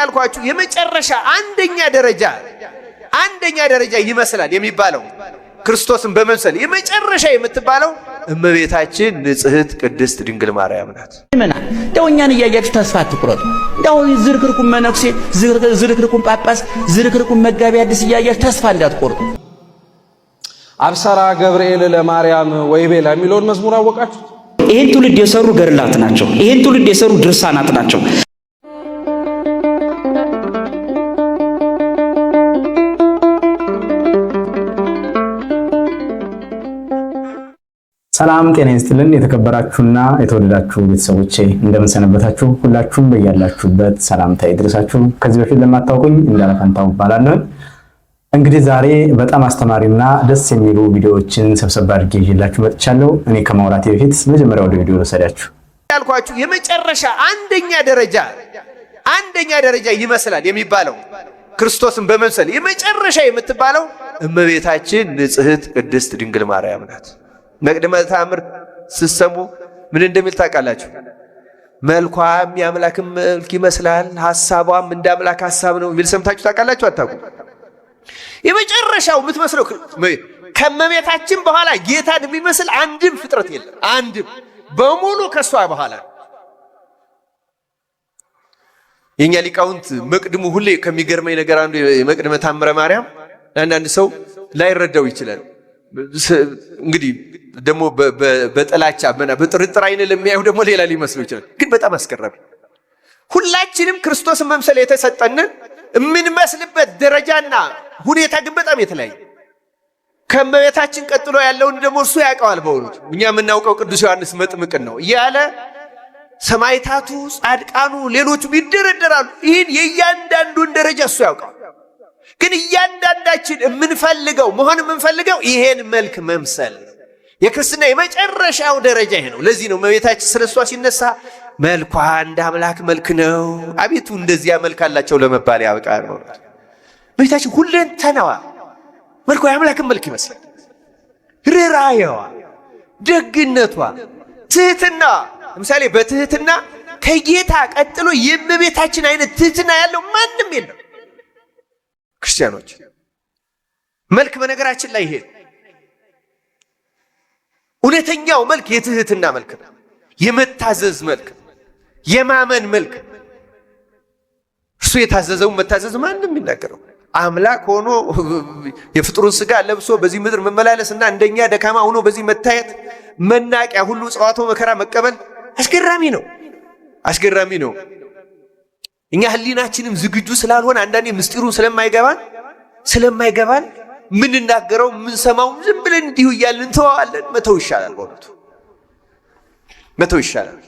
ያልኳችሁ የመጨረሻ አንደኛ ደረጃ አንደኛ ደረጃ ይመስላል የሚባለው ክርስቶስን በመምሰል የመጨረሻ የምትባለው እመቤታችን ንጽህት ቅድስት ድንግል ማርያም ናት። ምና እንደው እኛን እያያችሁ ተስፋ አትቁረጡ። እንደው ዝርክርኩን መነኩሴ፣ ዝርክርኩን ጳጳስ፣ ዝርክርኩን መጋቢ አዲስ እያያችሁ ተስፋ እንዳትቆርጡ። አብሰራ ገብርኤል ለማርያም ወይቤላ የሚለውን መዝሙር አወቃችሁ? ይህን ትውልድ የሰሩ ገርላት ናቸው። ይህን ትውልድ የሰሩ ድርሳናት ናቸው። ሰላም ጤና ይስጥልን። የተከበራችሁና የተወደዳችሁ ቤተሰቦቼ እንደምንሰነበታችሁ፣ ሁላችሁም በያላችሁበት ሰላምታ ይድረሳችሁ። ከዚህ በፊት ለማታውቁኝ እንዳለፈንታው እባላለሁ። እንግዲህ ዛሬ በጣም አስተማሪና ደስ የሚሉ ቪዲዮዎችን ሰብሰብ አድርጌ ይዤላችሁ መጥቻለሁ። እኔ ከማውራቴ በፊት መጀመሪያ ወደ ቪዲዮ ወሰዳችሁ ያልኳችሁ የመጨረሻ አንደኛ ደረጃ አንደኛ ደረጃ ይመስላል የሚባለው ክርስቶስን በመምሰል የመጨረሻ የምትባለው እመቤታችን ንጽሕት ቅድስት ድንግል ማርያም ናት። መቅድመ ተአምር ስትሰሙ ምን እንደሚል ታውቃላችሁ? መልኳም የአምላክ መልክ ይመስላል፣ ሀሳቧም እንደ አምላክ ሀሳብ ነው የሚል ሰምታችሁ ታውቃላችሁ? አታቁ የመጨረሻው የምትመስለው ከመቤታችን በኋላ ጌታን የሚመስል አንድም ፍጥረት የለም። አንድም በሙሉ ከእሷ በኋላ የእኛ ሊቃውንት መቅድሙ ሁሌ ከሚገርመኝ ነገር አንዱ የመቅድመ ታምረ ማርያም ለአንዳንድ ሰው ላይረዳው ይችላል እንግዲህ ደግሞ በጥላቻ በጥርጥር አይን ለሚያዩ ደግሞ ሌላ ሊመስሉ ይችላል። ግን በጣም አስገራሚ ሁላችንም ክርስቶስን መምሰል የተሰጠንን የምንመስልበት ደረጃና ሁኔታ ግን በጣም የተለያየ ከመቤታችን ቀጥሎ ያለውን ደግሞ እርሱ ያውቀዋል። በእውነቱ እኛ የምናውቀው ቅዱስ ዮሐንስ መጥምቅን ነው እያለ ሰማይታቱ፣ ጻድቃኑ፣ ሌሎቹም ይደረደራሉ። ይህን የእያንዳንዱን ደረጃ እሱ ያውቀዋል። ግን እያንዳንዳችን የምንፈልገው መሆን የምንፈልገው ይሄን መልክ መምሰል የክርስትና የመጨረሻው ደረጃ ይሄ ነው። ለዚህ ነው መቤታችን ስለ እሷ ሲነሳ መልኳ እንደ አምላክ መልክ ነው፣ አቤቱ እንደዚያ መልክ አላቸው ለመባል ያበቃ ነው። እመቤታችን ሁለንተናዋ መልኳ የአምላክን መልክ ይመስላል። ርኅራኄዋ፣ ደግነቷ፣ ትህትና ለምሳሌ በትህትና ከጌታ ቀጥሎ የእመቤታችን አይነት ትህትና ያለው ማንም የለም። ክርስቲያኖች መልክ በነገራችን ላይ ይሄ እውነተኛው መልክ የትህትና መልክ ነው። የመታዘዝ መልክ፣ የማመን መልክ። እርሱ የታዘዘውን መታዘዝ ማንም የሚናገረው አምላክ ሆኖ የፍጥሩን ስጋ ለብሶ በዚህ ምድር መመላለስ እና እንደኛ ደካማ ሆኖ በዚህ መታየት መናቂያ ሁሉ ጸዋቶ መከራ መቀበል አስገራሚ ነው፣ አስገራሚ ነው። እኛ ህሊናችንም ዝግጁ ስላልሆነ አንዳንዴ ምስጢሩን ስለማይገባን ስለማይገባን ምንናገረው ምንሰማው ዝም ብለን እንዲሁ እያልን እንተዋዋለን። መተው ይሻላል፣ በእውነቱ መተው ይሻላል።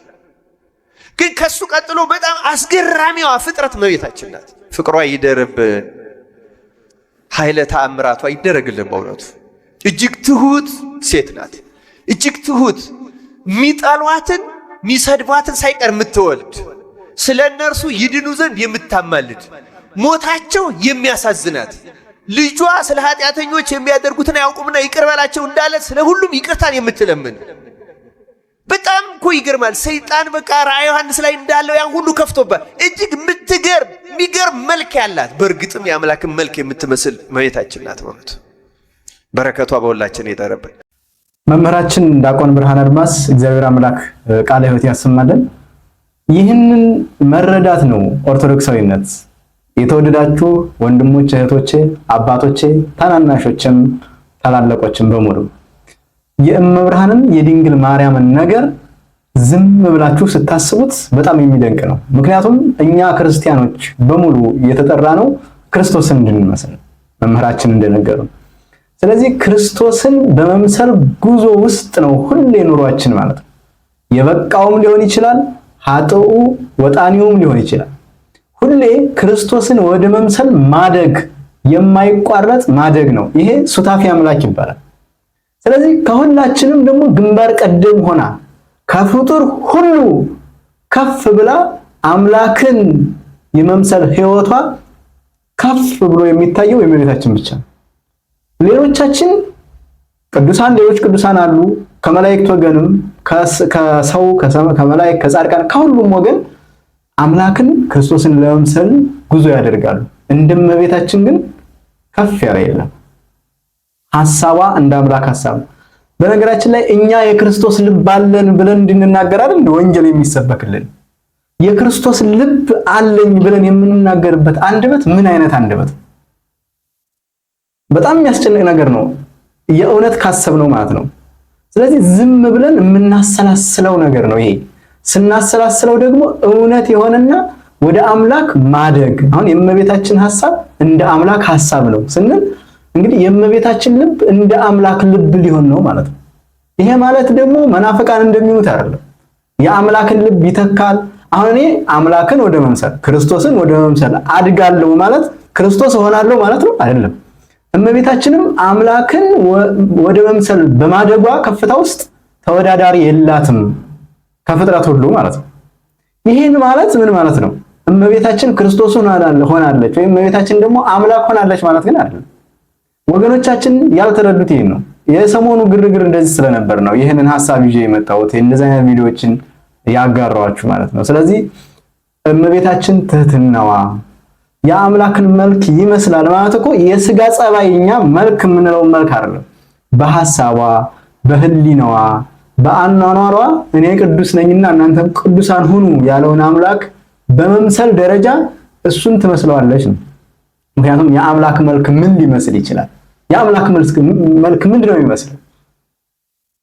ግን ከሱ ቀጥሎ በጣም አስገራሚዋ ፍጥረት መቤታችን ናት። ፍቅሯ ይደርብን፣ ኃይለ ተአምራቷ ይደረግልን። በእውነቱ እጅግ ትሁት ሴት ናት። እጅግ ትሁት ሚጠሏትን ሚሰድቧትን ሳይቀር የምትወልድ ስለ እነርሱ ይድኑ ዘንድ የምታማልድ ሞታቸው የሚያሳዝናት ልጇ ስለ ኃጢአተኞች የሚያደርጉትን አያውቁምና ይቅር በላቸው እንዳለ ስለ ሁሉም ይቅርታን የምትለምን በጣም እኮ ይገርማል። ሰይጣን በቃ ራእየ ዮሐንስ ላይ እንዳለው ያን ሁሉ ከፍቶባት እጅግ የምትገርም የሚገርም መልክ ያላት በእርግጥም የአምላክን መልክ የምትመስል መቤታችን ናት ማለት በረከቷ በሁላችን ይደረብን። መምህራችን ዲያቆን ብርሃን አድማስ እግዚአብሔር አምላክ ቃለ ሕይወት ያሰማልን። ይህንን መረዳት ነው ኦርቶዶክሳዊነት። የተወደዳችሁ ወንድሞች፣ እህቶቼ፣ አባቶቼ፣ ታናናሾችም ታላላቆችም በሙሉ የእመብርሃንን የድንግል ማርያምን ነገር ዝም ብላችሁ ስታስቡት በጣም የሚደንቅ ነው። ምክንያቱም እኛ ክርስቲያኖች በሙሉ የተጠራ ነው ክርስቶስን እንድንመስል መምህራችን እንደነገሩ። ስለዚህ ክርስቶስን በመምሰል ጉዞ ውስጥ ነው ሁሌ ኑሯችን ማለት ነው። የበቃውም ሊሆን ይችላል፣ ሀጥኡ ወጣኒውም ሊሆን ይችላል። ሁሌ ክርስቶስን ወደ መምሰል ማደግ የማይቋረጥ ማደግ ነው። ይሄ ሱታፊ አምላክ ይባላል። ስለዚህ ከሁላችንም ደግሞ ግንባር ቀደም ሆና ከፍጡር ሁሉ ከፍ ብላ አምላክን የመምሰል ሕይወቷ ከፍ ብሎ የሚታየው የእመቤታችን ብቻ ነው። ሌሎቻችን ቅዱሳን ሌሎች ቅዱሳን አሉ ከመላእክት ወገንም ከሰው ከመላእክት ከጻድቃን ከሁሉም ወገን አምላክን ክርስቶስን ለመምሰል ጉዞ ያደርጋሉ። እንደ ግን ከፍ ያለ የለም። ሐሳቧ እንደ አምላክ ሐሳብ ነው። በነገራችን ላይ እኛ የክርስቶስ ልብ አለን ብለን እንድንናገር አይደል ወንጌል የሚሰበክልን። የክርስቶስ ልብ አለኝ ብለን የምንናገርበት አንደበት ምን አይነት አንደበት? በጣም የሚያስጨንቅ ነገር ነው፣ የእውነት ካሰብነው ማለት ነው። ስለዚህ ዝም ብለን የምናሰላስለው ነገር ነው ይሄ ስናሰላስለው ደግሞ እውነት የሆነና ወደ አምላክ ማደግ አሁን የእመቤታችን ሐሳብ እንደ አምላክ ሐሳብ ነው ስንል እንግዲህ የእመቤታችን ልብ እንደ አምላክ ልብ ሊሆን ነው ማለት ነው። ይሄ ማለት ደግሞ መናፍቃን እንደሚሉት አይደለም። የአምላክን ልብ ይተካል። አሁን እኔ አምላክን ወደ መምሰል ክርስቶስን ወደ መምሰል አድጋለሁ ማለት ክርስቶስ እሆናለሁ ማለት ነው አይደለም። እመቤታችንም አምላክን ወደ መምሰል በማደጓ ከፍታ ውስጥ ተወዳዳሪ የላትም። ከፍጥረት ሁሉ ማለት ነው። ይህን ማለት ምን ማለት ነው? እመቤታችን ክርስቶስ ሆናለች ወይም እመቤታችን ደግሞ አምላክ ሆናለች ማለት ግን አይደለም። ወገኖቻችን ያልተረዱት ይህን ነው። የሰሞኑ ግርግር እንደዚህ ስለነበር ነው ይህንን ሀሳብ ይዤ የመጣሁት እንደዚህ አይነት ቪዲዮዎችን ያጋራኋችሁ ማለት ነው። ስለዚህ እመቤታችን ትህትናዋ የአምላክን መልክ ይመስላል ማለት እኮ የስጋ ጸባይኛ መልክ የምንለውን መልክ አይደለም። በሀሳቧ በህሊናዋ በአኗኗሯ እኔ ቅዱስ ነኝና እናንተም ቅዱሳን ሁኑ ያለውን አምላክ በመምሰል ደረጃ እሱን ትመስለዋለች ነው። ምክንያቱም የአምላክ መልክ ምን ሊመስል ይችላል? የአምላክ መልክ ምንድን ነው የሚመስለው?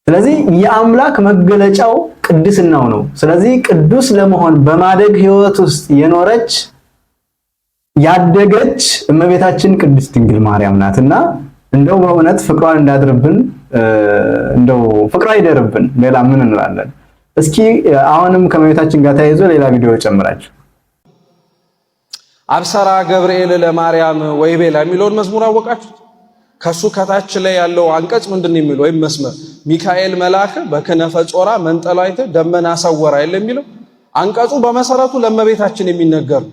ስለዚህ የአምላክ መገለጫው ቅድስናው ነው። ስለዚህ ቅዱስ ለመሆን በማደግ ሕይወት ውስጥ የኖረች ያደገች እመቤታችን ቅድስት ድንግል ማርያም ናትና እንደው በእውነት ፍቅሯን እንዳድርብን እንደው ፍቅሯ ይደርብን። ሌላ ምን እንላለን? እስኪ አሁንም ከመቤታችን ጋር ተያይዞ ሌላ ቪዲዮ ጨምራችሁ አብሰራ ገብርኤል ለማርያም ወይቤላ የሚለውን መዝሙር አወቃችሁት? ከሱ ከታች ላይ ያለው አንቀጽ ምንድን የሚለው? ወይም መስመር ሚካኤል መልአክ በክነፈ ጾራ መንጠላይተ ደመና አሳወራ የለም የሚለው አንቀጹ በመሰረቱ ለእመቤታችን የሚነገር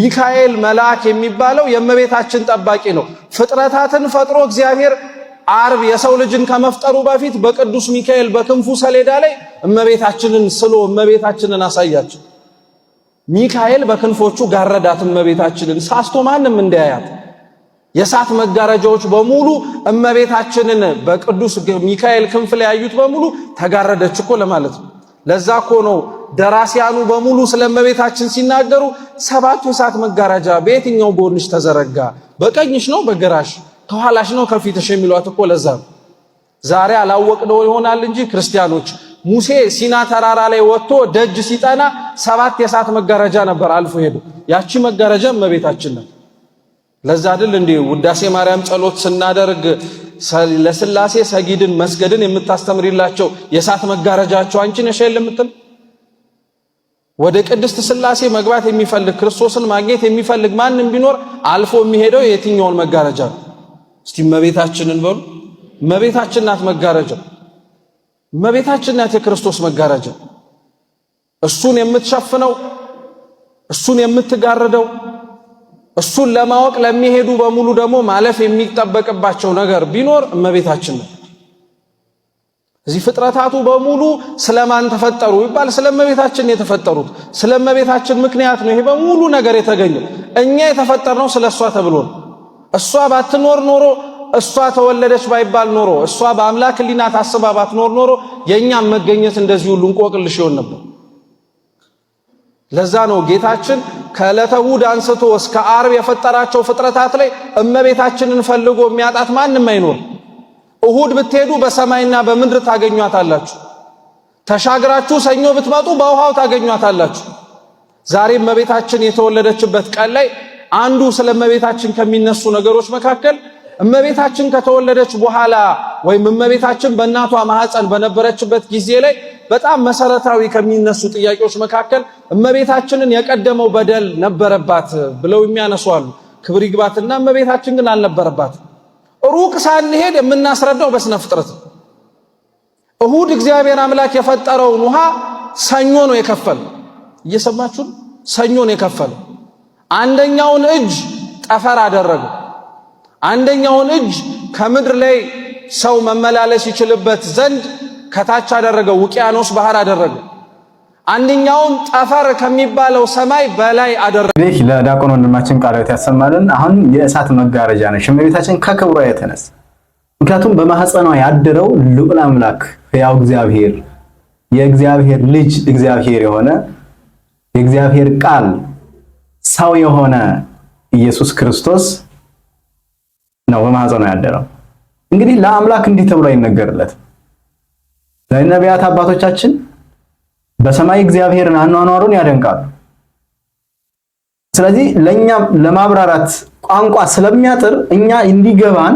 ሚካኤል መልአክ የሚባለው የእመቤታችን ጠባቂ ነው። ፍጥረታትን ፈጥሮ እግዚአብሔር አርብ የሰው ልጅን ከመፍጠሩ በፊት በቅዱስ ሚካኤል በክንፉ ሰሌዳ ላይ እመቤታችንን ስሎ እመቤታችንን አሳያቸው። ሚካኤል በክንፎቹ ጋረዳት እመቤታችንን ሳስቶ ማንም እንዳያያት። የእሳት መጋረጃዎች በሙሉ እመቤታችንን በቅዱስ ሚካኤል ክንፍ ላይ ያዩት በሙሉ ተጋረደች እኮ ለማለት ነው። ለዛ እኮ ነው ደራሲያኑ በሙሉ ስለ እመቤታችን ሲናገሩ ሰባቱ የእሳት መጋረጃ በየትኛው ጎንሽ ተዘረጋ? በቀኝሽ ነው በግራሽ ከኋላሽ ነው ከፊትሽ የሚሏት እኮ ለዛ ነው። ዛሬ አላወቅነው ይሆናል እንጂ ክርስቲያኖች ሙሴ ሲና ተራራ ላይ ወጥቶ ደጅ ሲጠና ሰባት የእሳት መጋረጃ ነበር አልፎ ሄዱ። ያቺ መጋረጃ እመቤታችን ነው። ለዛ አይደል እንዴ ውዳሴ ማርያም ጸሎት ስናደርግ ለስላሴ ሰጊድን መስገድን የምታስተምሪላቸው የእሳት መጋረጃቸው አንቺ ነሽ የምትል ወደ ቅድስት ስላሴ መግባት የሚፈልግ ክርስቶስን ማግኘት የሚፈልግ ማንም ቢኖር አልፎ የሚሄደው የትኛውን መጋረጃ ነው? እስቲ መቤታችንን በሉ። መቤታችን ናት መጋረጃው። መቤታችን ናት የክርስቶስ መጋረጃ። እሱን የምትሸፍነው፣ እሱን የምትጋርደው፣ እሱን ለማወቅ ለሚሄዱ በሙሉ ደግሞ ማለፍ የሚጠበቅባቸው ነገር ቢኖር እመቤታችን ነው። እዚህ ፍጥረታቱ በሙሉ ስለማን ተፈጠሩ ይባል? ስለእመቤታችን የተፈጠሩት። ስለ እመቤታችን ምክንያት ነው ይሄ በሙሉ ነገር የተገኘው። እኛ የተፈጠርነው ስለ እሷ ተብሎ ነው። እሷ ባትኖር ኖሮ እሷ ተወለደች ባይባል ኖሮ እሷ በአምላክ ሊና ታስባ ባትኖር ኖሮ የእኛም መገኘት እንደዚህ ሁሉ እንቆቅልሽ ይሆን ነበር። ለዛ ነው ጌታችን ከዕለተ እሑድ አንስቶ እስከ ዓርብ የፈጠራቸው ፍጥረታት ላይ እመቤታችንን ፈልጎ የሚያጣት ማንም አይኖር። እሁድ ብትሄዱ በሰማይና በምድር ታገኟታላችሁ። ተሻግራችሁ ሰኞ ብትመጡ በውሃው ታገኟታላችሁ። ዛሬ እመቤታችን የተወለደችበት ቀን ላይ አንዱ ስለ እመቤታችን ከሚነሱ ነገሮች መካከል እመቤታችን ከተወለደች በኋላ ወይም እመቤታችን በእናቷ ማህፀን በነበረችበት ጊዜ ላይ በጣም መሰረታዊ ከሚነሱ ጥያቄዎች መካከል እመቤታችንን የቀደመው በደል ነበረባት ብለው የሚያነሱ አሉ። ክብር ይግባትና እመቤታችን ግን አልነበረባት። ሩቅ ሳንሄድ የምናስረዳው በስነ ፍጥረት እሁድ እግዚአብሔር አምላክ የፈጠረውን ውሃ ሰኞ ነው የከፈለ። እየሰማችሁ ሰኞ ነው የከፈለው። አንደኛውን እጅ ጠፈር አደረገው። አንደኛውን እጅ ከምድር ላይ ሰው መመላለስ ይችልበት ዘንድ ከታች አደረገው፣ ውቅያኖስ ባህር አደረገው። አንደኛውን ጠፈር ከሚባለው ሰማይ በላይ አደረገ። እንግዲህ ለዲያቆን ወንድማችን ቃላት ያሰማልን። አሁን የእሳት መጋረጃ ነች እመቤታችን ከክብሯ የተነሳ ምክንያቱም በማህፀኗ ያደረው ልዑል አምላክ ያው እግዚአብሔር የእግዚአብሔር ልጅ እግዚአብሔር የሆነ የእግዚአብሔር ቃል ሰው የሆነ ኢየሱስ ክርስቶስ ነው በማህፀኑ ያደረው። እንግዲህ ለአምላክ እንዲህ ተብሎ አይነገርለት። ለነቢያት አባቶቻችን በሰማይ እግዚአብሔርን አኗኗሩን ያደንቃሉ። ስለዚህ ለኛ ለማብራራት ቋንቋ ስለሚያጥር እኛ እንዲገባን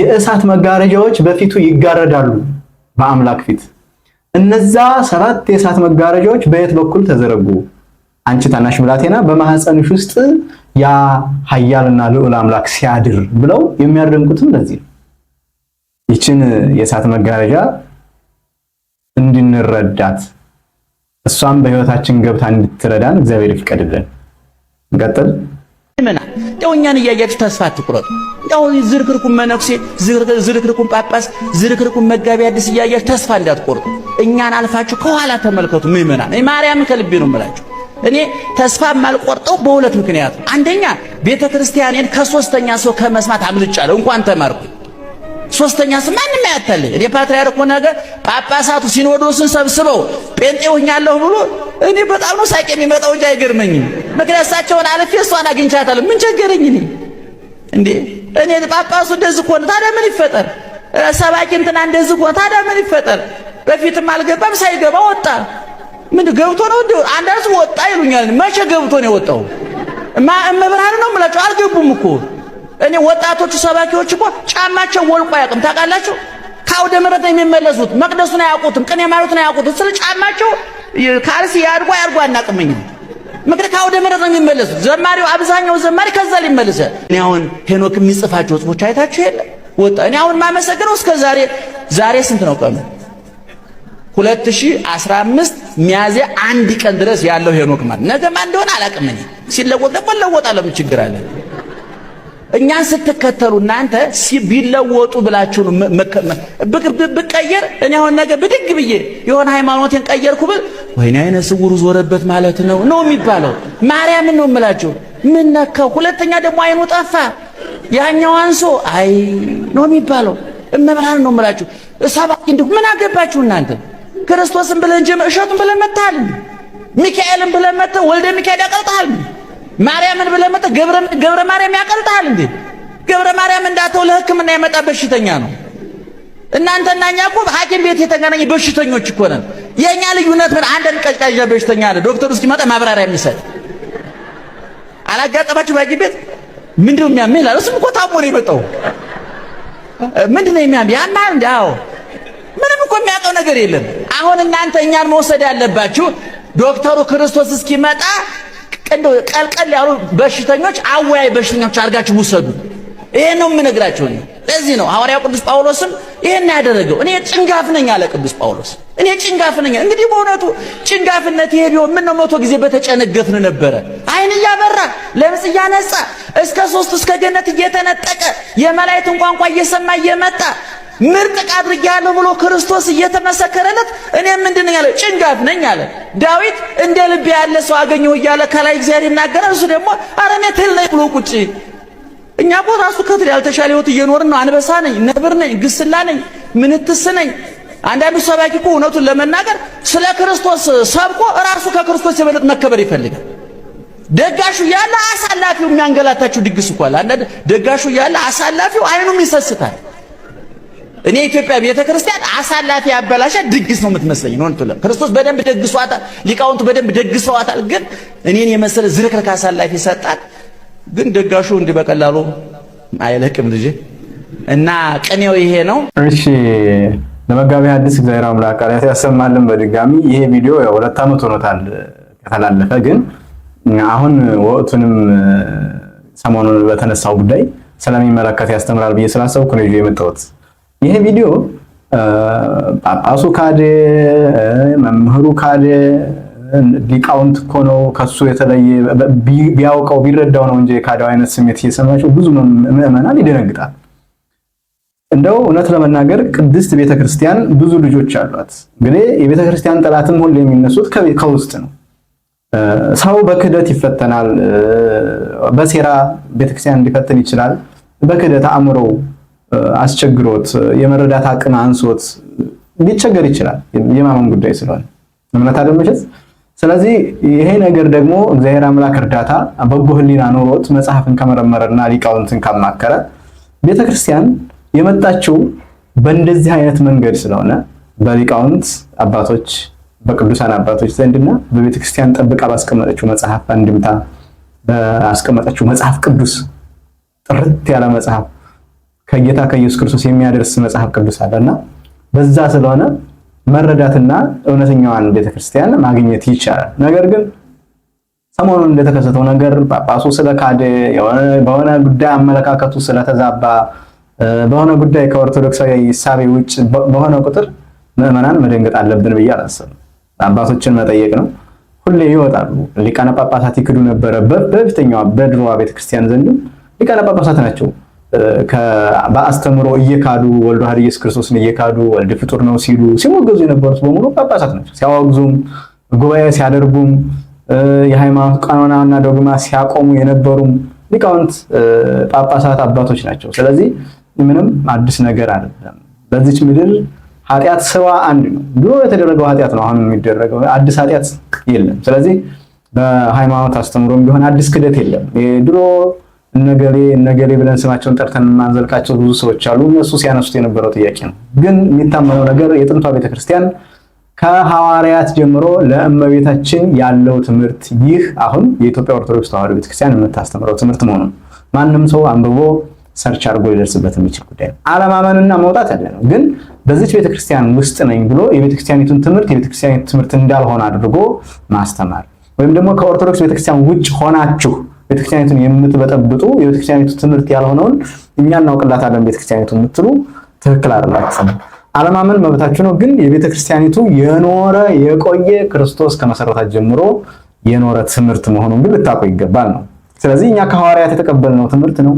የእሳት መጋረጃዎች በፊቱ ይጋረዳሉ በአምላክ ፊት። እነዛ ሰባት የእሳት መጋረጃዎች በየት በኩል ተዘረጉ? አንቺ ታናሽ ምራቴና በማህፀንሽ ውስጥ ያ ኃያልና ልዑል አምላክ ሲያድር ብለው የሚያደንቁትም ለዚህ ነው። ይችን የእሳት መጋረጃ እንድንረዳት እሷም በህይወታችን ገብታ እንድትረዳን እግዚአብሔር ይፍቀድልን። እንቀጥል። ምና እንደው እኛን እያያችሁ ተስፋ አትቁረጡ። እንደው ዝርክርኩን መነኩሴ፣ ዝርክርኩን ጳጳስ፣ ዝርክርኩን መጋቢ አዲስ እያያችሁ ተስፋ እንዳትቆርጡ። እኛን አልፋችሁ ከኋላ ተመልከቱ። ምእመናን ማርያም ከልቤ ነው የምላችሁ እኔ ተስፋ የማልቆርጠው በሁለት ምክንያት፣ አንደኛ ቤተ ክርስቲያኔን ከሶስተኛ ሰው ከመስማት አምልጫለሁ። እንኳን ተማርኩ ሶስተኛ ሰው ማንም አያታልል። እኔ ፓትርያርኩ ነገር ጳጳሳቱ ሲኖዶስን ሰብስበው ጴንጤ ሆኛለሁ ብሎ እኔ በጣም ነው ሳቄ የሚመጣው እንጂ አይገርመኝም። ምክንያት እሳቸውን አልፌ እሷን አግኝቻታለሁ። ምን ቸገረኝ እኔ እንዴ እኔ ጳጳሱ እንደዚህ ከሆነ ታዲያ ምን ይፈጠር? ሰባኪ እንትና እንደዚህ ከሆነ ታዲያ ምን ይፈጠር? በፊትም አልገባም ሳይገባ ወጣ። ምን ገብቶ ነው እንዴ? አንዳንድ ወጣ ይሉኛል። መቼ ገብቶ ነው የወጣው? እመብርሃን ነው የምላቸው። አልገቡም እኮ እኔ ወጣቶቹ ሰባኪዎች እኮ ጫማቸው ወልቆ አያውቅም። ታውቃላችሁ? ከአውደ ምሕረት ነው የሚመለሱት። መቅደሱን አያውቁትም። ቅኔ ማለቱን አያውቁትም። ስለ ጫማቸው ካልሲ ያድጎ ያድጎ አናቅመኝም። ምክንያት ከአውደ ምሕረት ነው የሚመለሱት። ዘማሪው አብዛኛው ዘማሪ ከዛ ሊመለሰ እኔ አሁን ሄኖክ የሚጽፋቸው ጽፎች አይታችሁ የለ ወጣ እኔ አሁን ማመሰግነው እስከ ዛሬ ዛሬ ስንት ነው ቀኑ? 2015 ሚያዝያ አንድ ቀን ድረስ ያለው ሄኖክ ማለት ማን እንደሆነ አላቅም። እኔ ሲለወጥ ደግሞ እለወጣለሁ። ምን ችግር አለ? እኛን ስትከተሉ እናንተ ቢለወጡ ብላችሁ ብቀየር እኔ አሁን ነገ ብድግ ብዬ የሆነ ሃይማኖቴን ቀየርኩ ብል ወይኔ አይነ ስውር ዞረበት ማለት ነው ነው የሚባለው። ማርያምን ነው የምላችሁ። ምን ነካው? ሁለተኛ ደግሞ አይኑ ጠፋ፣ ያኛው አንሶ አይ ነው የሚባለው። እመብርሃን ነው የምላችሁ። ሰባት እንዲሁ ምን አገባችሁ እናንተ ክርስቶስን ብለን ጀመ እሸቱን ብለን መታል ሚካኤልን ብለን መጥተህ ወልደ ሚካኤል ያቀልጣል ማርያምን ብለን መጥተህ ገብረ ገብረ ማርያም ያቀልጣል እንዴ ገብረ ማርያም እንዳተው ለሕክምና የመጣ በሽተኛ ነው። እናንተና እኛ እኮ ሐኪም ቤት የተገናኘ በሽተኞች እኮ ነን። የእኛ ልዩነት ምን? አንድ ቀዥቃዣ በሽተኛ አለ ዶክተሩ እስኪመጣ ማብራሪያ የሚሰጥ አላጋጠማችሁ? በሐኪም ቤት ምንድነው የሚያምህ ይላል። እሱም እኮ ታሞ ነው የመጣው። ምንድነው የሚያምህ ያማል? እንዴ አዎ ምንም እኮ የሚያውቀው ነገር የለም። አሁን እናንተ እኛን መውሰድ ያለባችሁ ዶክተሩ ክርስቶስ እስኪመጣ ቀልቀል ያሉ በሽተኞች አወያይ በሽተኞች አድርጋችሁ ውሰዱ። ይሄ ነው የምነግራቸው። ለዚህ ነው ሐዋርያው ቅዱስ ጳውሎስም ይሄን ያደረገው። እኔ ጭንጋፍ ነኝ አለ ቅዱስ ጳውሎስ፣ እኔ ጭንጋፍ ነኝ። እንግዲህ በእውነቱ ጭንጋፍነት ይሄ ቢሆን ምን ነው መቶ ጊዜ በተጨነገፍን ነበረ። አይን እያበራ ለምጽ እያነጻ እስከ ሶስት እስከ ገነት እየተነጠቀ የመላእክትን ቋንቋ እየሰማ እየመጣ ምርጥ አድርጌ ያለው ብሎ ክርስቶስ እየተመሰከረለት እኔ ምንድን ያለ ጭንጋፍ ነኝ አለ። ዳዊት እንደ ልቤ ያለ ሰው አገኘሁ እያለ ከላይ እግዚአብሔር ይናገራል። እሱ ደግሞ ኧረ እኔ ትል ነኝ ብሎ ቁጭ እኛ እኮ ራሱ ከትል ያልተሻለ ህይወት እየኖርን ነው። አንበሳ ነኝ፣ ነብር ነኝ፣ ግስላ ነኝ፣ ምንትስ ነኝ። አንዳንዱ ሰባኪ እኮ እውነቱን ለመናገር ስለ ክርስቶስ ሰብኮ ራሱ ከክርስቶስ የበለጠ መከበር ይፈልጋል። ደጋሹ ያለ አሳላፊው የሚያንገላታችሁ ድግስ እኮ አለ። አንዳንድ ደጋሹ ያለ አሳላፊው አይኑም ይሰስታል። እኔ ኢትዮጵያ ክርስቲያን አሳላፊ አበላሻ ድግስ ነው የምትመስለኝ። ነው እንትለ ክርስቶስ በደንብ ደግሷታል፣ ሊቃውንቱ በደንብ ደግሰዋታል። ግን እኔን የመሰለ ዝርክርክ አሳላፊ ሰጣት። ግን ደጋሹ እንዲህ በቀላሉ አይለቅም ልጅ እና ቅኔው ይሄ ነው። እሺ ለመጋቢ አዲስ እግዚአብሔር አምላክ ቃል ያሰማልን። በድጋሚ ይሄ ቪዲዮ ሁለት ዓመት ሆኖታል ከተላለፈ፣ ግን አሁን ወቅቱንም ሰሞኑን በተነሳው ጉዳይ ስለሚመለከት ያስተምራል ብዬ ስላሰብኩ ነው የመጣሁት። ይሄ ቪዲዮ ጳጳሱ ካደ፣ መምህሩ ካደ፣ ሊቃውንት እኮ ነው ከሱ የተለየ ቢያውቀው ቢረዳው ነው እንጂ የካዳው አይነት ስሜት እየሰማቸው ብዙ ምዕመናን ይደነግጣል። እንደው እውነት ለመናገር ቅድስት ቤተክርስቲያን ብዙ ልጆች አሏት። እንግዲህ የቤተክርስቲያን ጠላትም ሁሉ የሚነሱት ከውስጥ ነው። ሰው በክህደት ይፈተናል። በሴራ ቤተክርስቲያን ሊፈትን ይችላል። በክህደት አእምሮው አስቸግሮት የመረዳት አቅም አንሶት ሊቸገር ይችላል። የማመን ጉዳይ ስለሆነ እምነት አደመሸት። ስለዚህ ይሄ ነገር ደግሞ እግዚአብሔር አምላክ እርዳታ በጎ ሕሊና ኖሮት መጽሐፍን ከመረመረና ሊቃውንትን ካማከረ ቤተክርስቲያን የመጣችው በእንደዚህ አይነት መንገድ ስለሆነ በሊቃውንት አባቶች በቅዱሳን አባቶች ዘንድና በቤተክርስቲያን ጠብቃ ባስቀመጠችው መጽሐፍ አንድምታ በአስቀመጠችው መጽሐፍ ቅዱስ ጥርት ያለ መጽሐፍ ከጌታ ከኢየሱስ ክርስቶስ የሚያደርስ መጽሐፍ ቅዱስ አለና በዛ ስለሆነ መረዳትና እውነተኛዋን ቤተክርስቲያን ማግኘት ይቻላል። ነገር ግን ሰሞኑን እንደተከሰተው ነገር ጳጳሱ ስለካደ፣ በሆነ ጉዳይ አመለካከቱ ስለተዛባ፣ በሆነ ጉዳይ ከኦርቶዶክሳዊ እሳቤ ውጭ በሆነ ቁጥር ምዕመናን መደንገጥ አለብን ብዬ አላስብም። አባቶችን መጠየቅ ነው። ሁሌ ይወጣሉ። ሊቃነ ጳጳሳት ይክዱ ነበረ። በፊተኛዋ በድሮዋ ቤተክርስቲያን ዘንድም ሊቃነ ጳጳሳት ናቸው በአስተምሮ እየካዱ ወልድ ዋሕድ ኢየሱስ ክርስቶስን እየካዱ ወልድ ፍጡር ነው ሲሉ ሲሞገዙ የነበሩት በሙሉ ጳጳሳት ናቸው። ሲያወግዙም ጉባኤ ሲያደርጉም የሃይማኖት ቀኖናና ዶግማ ሲያቆሙ የነበሩም ሊቃውንት ጳጳሳት አባቶች ናቸው። ስለዚህ ምንም አዲስ ነገር አይደለም። በዚች ምድር ኃጢአት ስዋ አንድ ነው። ድሮ የተደረገው ኃጢአት ነው አሁን የሚደረገው አዲስ ኃጢአት የለም። ስለዚህ በሃይማኖት አስተምሮም ቢሆን አዲስ ክደት የለም። ድሮ ነገሌ ነገሌ ብለን ስማቸውን ጠርተን የማንዘልቃቸው ብዙ ሰዎች አሉ። እነሱ ሲያነሱት የነበረው ጥያቄ ነው። ግን የሚታመነው ነገር የጥንቷ ቤተክርስቲያን ከሐዋርያት ጀምሮ ለእመቤታችን ያለው ትምህርት ይህ አሁን የኢትዮጵያ ኦርቶዶክስ ተዋሕዶ ቤተክርስቲያን የምታስተምረው ትምህርት መሆኑ ማንም ሰው አንብቦ ሰርች አድርጎ ሊደርስበት የሚችል ጉዳይ ነው። አለማመንና መውጣት ያለ ነው። ግን በዚች ቤተክርስቲያን ውስጥ ነኝ ብሎ የቤተክርስቲያኒቱን ትምህርት የቤተክርስቲያኒቱ ትምህርት እንዳልሆነ አድርጎ ማስተማር ወይም ደግሞ ከኦርቶዶክስ ቤተክርስቲያን ውጭ ሆናችሁ ቤተክርስቲያኒቱን የምትበጠብጡ የቤተክርስቲያኒቱ ትምህርት ያልሆነውን እኛ እናውቅላታለን ቤተክርስቲያኒቱ የምትሉ ትክክል አይደላችሁም። አለማመን መብታችሁ ነው። ግን የቤተክርስቲያኒቱ የኖረ የቆየ ክርስቶስ ከመሰረታት ጀምሮ የኖረ ትምህርት መሆኑን ግን ልታውቁ ይገባል ነው። ስለዚህ እኛ ከሐዋርያት የተቀበልነው ትምህርት ነው።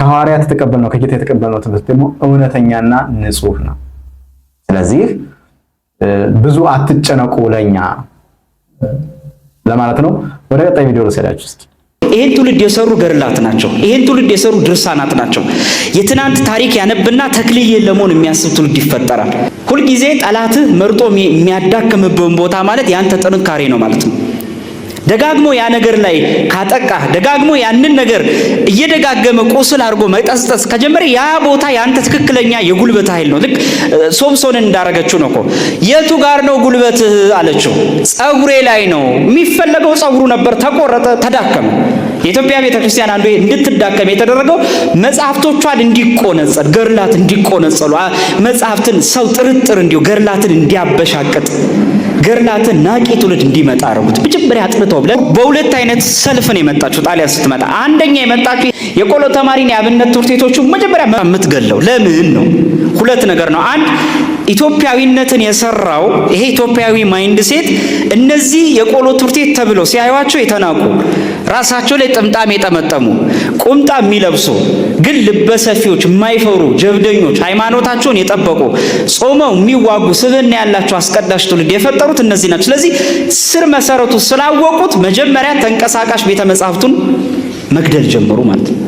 ከሐዋርያት የተቀበልነው ከጌታ የተቀበልነው ትምህርት ደግሞ እውነተኛና ንጹህ ነው። ስለዚህ ብዙ አትጨነቁ ለኛ ለማለት ነው። ወደ ቀጣይ ቪዲዮ ልውሰዳችሁ እስኪ። ይህን ትውልድ የሰሩ ገርላት ናቸው። ይህን ትውልድ የሰሩ ድርሳናት ናቸው። የትናንት ታሪክ ያነብና ተክልዬ ለመሆን የሚያስብ ትውልድ ይፈጠራል። ሁልጊዜ ጠላትህ መርጦ የሚያዳክምብን ቦታ ማለት የአንተ ጥንካሬ ነው ማለት ነው። ደጋግሞ ያ ነገር ላይ ካጠቃ ደጋግሞ ያንን ነገር እየደጋገመ ቁስል አድርጎ መጠስጠስ ከጀመረ ያ ቦታ ያንተ ትክክለኛ የጉልበት ኃይል ነው። ልክ ሶምሶንን እንዳረገችው ነው እኮ። የቱ ጋር ነው ጉልበትህ አለችው። ጸጉሬ ላይ ነው። የሚፈለገው ጸጉሩ ነበር፣ ተቆረጠ፣ ተዳከመ። የኢትዮጵያ ቤተ ክርስቲያን አንዱ እንድትዳከም የተደረገው መጽሐፍቶቿን እንዲቆነጸል ገርላት እንዲቆነጸሉ መጽሐፍትን ሰው ጥርጥር እንዲሁ ገርላትን እንዲያበሻቅጥ ገርላትን ናቂ ትውልድ እንዲመጣ አረጉት። መጀመሪያ አጥንተው ብለ በሁለት አይነት ሰልፍን የመጣችሁ ጣሊያን ስትመጣ አንደኛ የመጣችሁ የቆሎ ተማሪን የአብነት ትምህርት ቤቶቹ መጀመሪያ የምትገለው ለምን ነው? ሁለት ነገር ነው። አንድ ኢትዮጵያዊነትን የሰራው ይሄ ኢትዮጵያዊ ማይንድ ሴት እነዚህ የቆሎ ትምህርት ቤት ተብለው ሲያዩዋቸው የተናቁ ራሳቸው ላይ ጥምጣም የጠመጠሙ ቁምጣ የሚለብሱ ግን ልበሰፊዎች፣ የማይፈሩ ጀብደኞች፣ ሃይማኖታቸውን የጠበቁ ጾመው የሚዋጉ ስብዕና ያላቸው አስቀዳሽ ትውልድ የፈጠሩት እነዚህ ናቸው። ስለዚህ ስር መሰረቱ ስላወቁት መጀመሪያ ተንቀሳቃሽ ቤተ መጻሕፍቱን መግደል ጀመሩ ማለት ነው።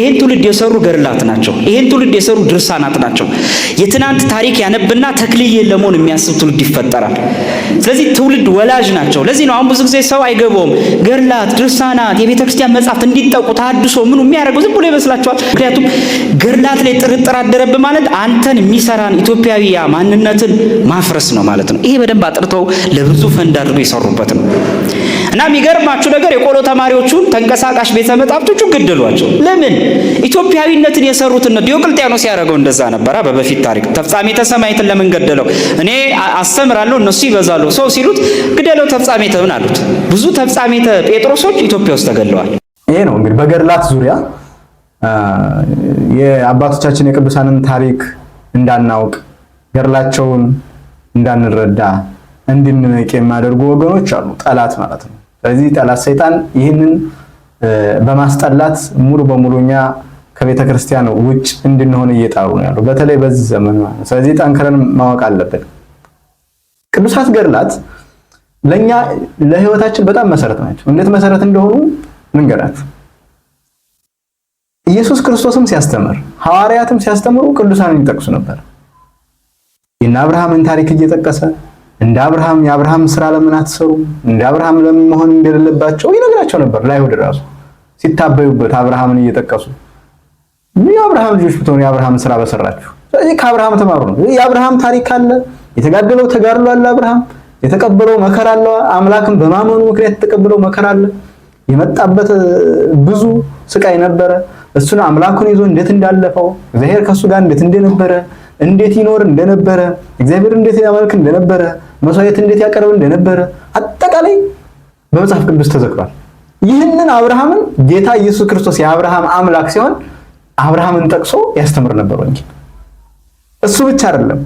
ይህን ትውልድ የሰሩ ገርላት ናቸው። ይህን ትውልድ የሰሩ ድርሳናት ናቸው። የትናንት ታሪክ ያነብና ተክልዬ ለመሆን የሚያስብ ትውልድ ይፈጠራል። ስለዚህ ትውልድ ወላጅ ናቸው። ለዚህ ነው አሁን ብዙ ጊዜ ሰው አይገባውም። ገርላት ድርሳናት፣ የቤተ ክርስቲያን መጻሕፍት እንዲጠቁ ታድሶ ምኑ የሚያደርገው ዝም ብሎ ይመስላቸዋል። ምክንያቱም ገርላት ላይ ጥርጥር አደረብ ማለት አንተን የሚሰራን ኢትዮጵያዊ ያ ማንነትን ማፍረስ ነው ማለት ነው። ይሄ በደንብ አጥርተው ለብዙ ፈንድ አድርገው የሰሩበት ነው። እና የሚገርማችሁ ነገር የቆሎ ተማሪዎቹን ተንቀሳቃሽ ቤተ መጣብቶቹ ገደሏቸው። ለምን? ኢትዮጵያዊነትን የሰሩትን ዲዮቅልጥያኖስ ያደረገው እንደዛ ነበረ በበፊት ታሪክ ተፍጻሜተ ሰማዕታትን ለምን ገደለው? እኔ አስተምራለሁ እነሱ ይበዛሉ ሰው ሲሉት ግደለው ተፍጻሜተን አሉት። ብዙ ተፍጻሜተ ጴጥሮሶች ኢትዮጵያ ውስጥ ተገድለዋል። ይሄ ነው እንግዲህ በገድላት ዙሪያ የአባቶቻችን የቅዱሳንን ታሪክ እንዳናውቅ ገድላቸውን እንዳንረዳ እንድንነቅ የሚያደርጉ ወገኖች አሉ። ጠላት ማለት ነው። ስለዚህ ጠላት ሰይጣን ይህንን በማስጠላት ሙሉ በሙሉ እኛ ከቤተ ክርስቲያን ውጭ እንድንሆን እየጣሩ ነው ያሉ፣ በተለይ በዚህ ዘመን። ስለዚህ ጠንክረን ማወቅ አለብን። ቅዱሳት ገድላት ለእኛ ለህይወታችን በጣም መሰረት ናቸው። እንዴት መሰረት እንደሆኑ ልንገራችሁ። ኢየሱስ ክርስቶስም ሲያስተምር ሐዋርያትም ሲያስተምሩ ቅዱሳንን ይጠቅሱ ነበር። የነ አብርሃምን ታሪክ እየጠቀሰ እንደ አብርሃም የአብርሃም ስራ ለምን አትሰሩም? እንደ አብርሃም ለምን መሆን እንደሌለባቸው ይነግራቸው ነበር። ለአይሁድ ራሱ ሲታበዩበት አብርሃምን እየጠቀሱ የአብርሃም ልጆች ብትሆኑ የአብርሃም ስራ በሰራችሁ። ስለዚህ ከአብርሃም ተማሩ ነው። የአብርሃም ታሪክ አለ፣ የተጋደለው ተጋድሎ አለ፣ አብርሃም የተቀበለው መከራ አለ። አምላክን በማመኑ ምክንያት የተቀበለው መከራ አለ። የመጣበት ብዙ ስቃይ ነበረ። እሱን አምላኩን ይዞ እንዴት እንዳለፈው እግዚአብሔር ከእሱ ጋር እንዴት እንደነበረ እንዴት ይኖር እንደነበረ እግዚአብሔር እንዴት ያመልክ እንደነበረ መስዋዕት እንዴት ያቀርብ እንደነበረ አጠቃላይ በመጽሐፍ ቅዱስ ተዘክሯል። ይህንን አብርሃምን ጌታ ኢየሱስ ክርስቶስ የአብርሃም አምላክ ሲሆን አብርሃምን ጠቅሶ ያስተምር ነበር ወንጌል። እሱ ብቻ አይደለም፣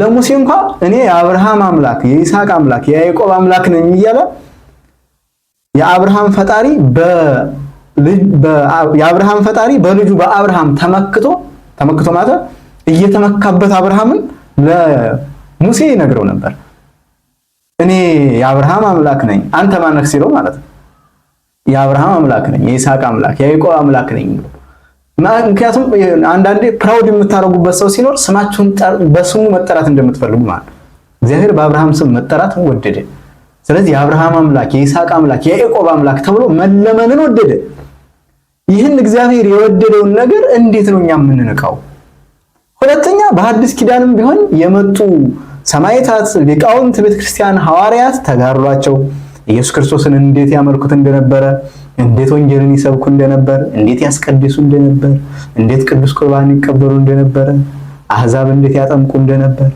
ለሙሴ እንኳ እኔ የአብርሃም አምላክ የይስሐቅ አምላክ የያዕቆብ አምላክ ነኝ እያለ የአብርሃም ፈጣሪ የአብርሃም ፈጣሪ በልጁ በአብርሃም ተመክቶ ተመክቶ ማለት እየተመካበት አብርሃምን ለሙሴ ይነግረው ነበር። እኔ የአብርሃም አምላክ ነኝ አንተ ማነህ ሲለው ማለት ነው የአብርሃም አምላክ ነኝ የይስሐቅ አምላክ የያዕቆብ አምላክ ነኝ ምክንያቱም አንዳንዴ ፕራውድ የምታደርጉበት ሰው ሲኖር ስማችሁን በስሙ መጠራት እንደምትፈልጉ ማለት እግዚአብሔር በአብርሃም ስም መጠራት ወደደ ስለዚህ የአብርሃም አምላክ የይስሐቅ አምላክ የያዕቆብ አምላክ ተብሎ መለመንን ወደደ ይህን እግዚአብሔር የወደደውን ነገር እንዴት ነው እኛ የምንንቀው ሁለተኛ በአዲስ ኪዳንም ቢሆን የመጡ ሰማዕታት፣ ሊቃውንት ቤተክርስቲያን፣ ሐዋርያት ተጋድሏቸው ኢየሱስ ክርስቶስን እንዴት ያመልኩት እንደነበረ እንዴት ወንጌልን ይሰብኩ እንደነበር፣ እንዴት ያስቀድሱ እንደነበር፣ እንዴት ቅዱስ ቁርባን ይቀበሉ እንደነበረ፣ አህዛብ እንዴት ያጠምቁ እንደነበር፣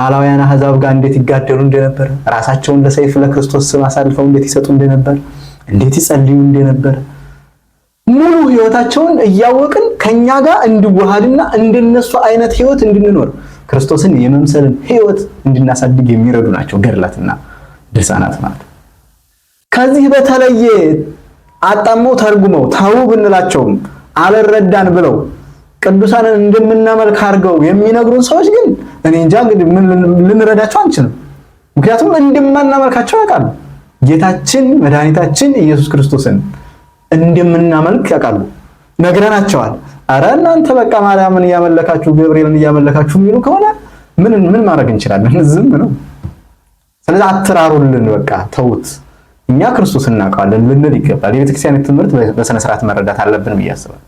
አላውያን አህዛብ ጋር እንዴት ይጋደሉ እንደነበር፣ ራሳቸውን ለሰይፍ ለክርስቶስ ስም አሳልፈው እንዴት ይሰጡ እንደነበር፣ እንዴት ይጸልዩ እንደነበር፣ ሙሉ ህይወታቸውን እያወቅን ከኛ ጋር እንዲዋሃድና እንደነሱ አይነት ህይወት እንድንኖር ክርስቶስን የመምሰልን ህይወት እንድናሳድግ የሚረዱ ናቸው ገድላትና ድርሳናት ማለት። ከዚህ በተለየ አጣመው ተርጉመው ተዉ ብንላቸውም አልረዳን ብለው ቅዱሳንን እንደምናመልክ አድርገው የሚነግሩን ሰዎች ግን እኔ እንጃ እንግዲህ ምን ልንረዳቸው አንችልም። ምክንያቱም እንደማናመልካቸው ያውቃሉ። ጌታችን መድኃኒታችን ኢየሱስ ክርስቶስን እንደምናመልክ ያውቃሉ፣ ነግረናቸዋል። አረ እናንተ በቃ ማርያምን እያመለካችሁ ገብርኤልን እያመለካችሁ የሚሉ ከሆነ ምን ምን ማድረግ እንችላለን? ዝም ነው። ስለዚህ አትራሩልን፣ በቃ ተውት። እኛ ክርስቶስ እናውቀዋለን ልንል ይገባል። የቤተክርስቲያን ትምህርት በስነ ስርዓት መረዳት አለብን ብዬ አስባለሁ።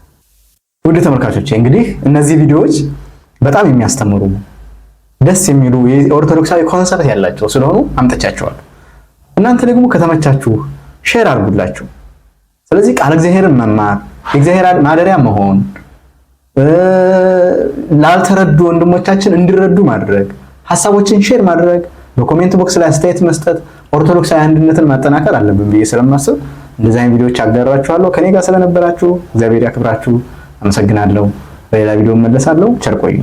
ውድ ተመልካቾች እንግዲህ እነዚህ ቪዲዮዎች በጣም የሚያስተምሩ ደስ የሚሉ የኦርቶዶክሳዊ ኮንሰርት ያላቸው ስለሆኑ አምጥቻቸዋለሁ። እናንተ ደግሞ ከተመቻችሁ ሼር አድርጉላችሁ። ስለዚህ ቃል እግዚአብሔርን መማር የእግዚአብሔር ማደሪያ መሆን ላልተረዱ ወንድሞቻችን እንዲረዱ ማድረግ፣ ሀሳቦችን ሼር ማድረግ፣ በኮሜንት ቦክስ ላይ አስተያየት መስጠት፣ ኦርቶዶክሳዊ አንድነትን ማጠናከር አለብን ብዬ ስለማስብ እንደዚህ አይነት ቪዲዮዎች አጋራችኋለሁ። ከኔ ጋር ስለነበራችሁ እግዚአብሔር ያክብራችሁ። አመሰግናለሁ። በሌላ ቪዲዮ መለሳለሁ። ቸር ቆዩ።